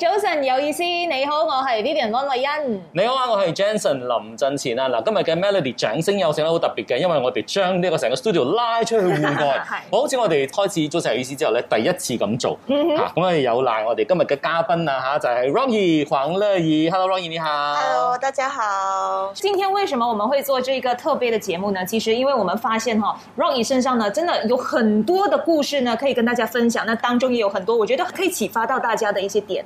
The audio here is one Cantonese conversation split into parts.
早晨有意思，你好，我係 Vivian 安麗欣。你好啊，我係 Jenson 林振前啊嗱，今日嘅 Melody 掌聲有請得好特別嘅，因為我哋將呢個成個 studio 拉出去戶外，係， 好似我哋開始早晨有意思之後咧，第一次咁做咁 啊有賴我哋今日嘅嘉賓啊吓，就係 Ronnie 黃樂怡，Hello Ronnie 你好，Hello 大家好。今天為什麼我們會做這個特別的節目呢？其實因為我們發現哈 Ronnie 身上呢，真的有很多的故事呢，可以跟大家分享。那當中也有很多我覺得可以啟發到大家的一些點。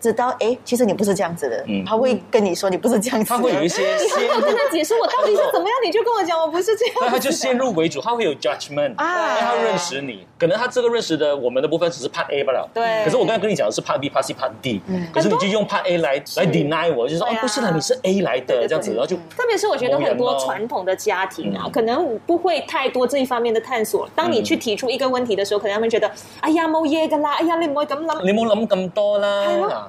知道哎，其實你不是這樣子的，嗯，他會跟你說你不是這樣子，他會有一些。你還沒有跟他解釋我 到底是怎麼樣？你就跟我講我不是這樣。那他就先入為主，他會有 judgment，啊，他認識你，可能他這個認識的我們的部分只是 part A 罷了，對。可是我剛才跟你講的是 part B、part C、part D，嗯，可是你就用 part A 來來 deny 我，就說，是啊，哦不是的，你是 A 來的對對對對這樣子，然後就。特別是我覺得很多傳統的家庭啊，嗯，可能不會太多這一方面的探索。當你去提出一個問題的時候，可能他們覺得，嗯，哎呀冇嘢噶啦，哎呀你唔好咁諗，你冇諗咁多啦。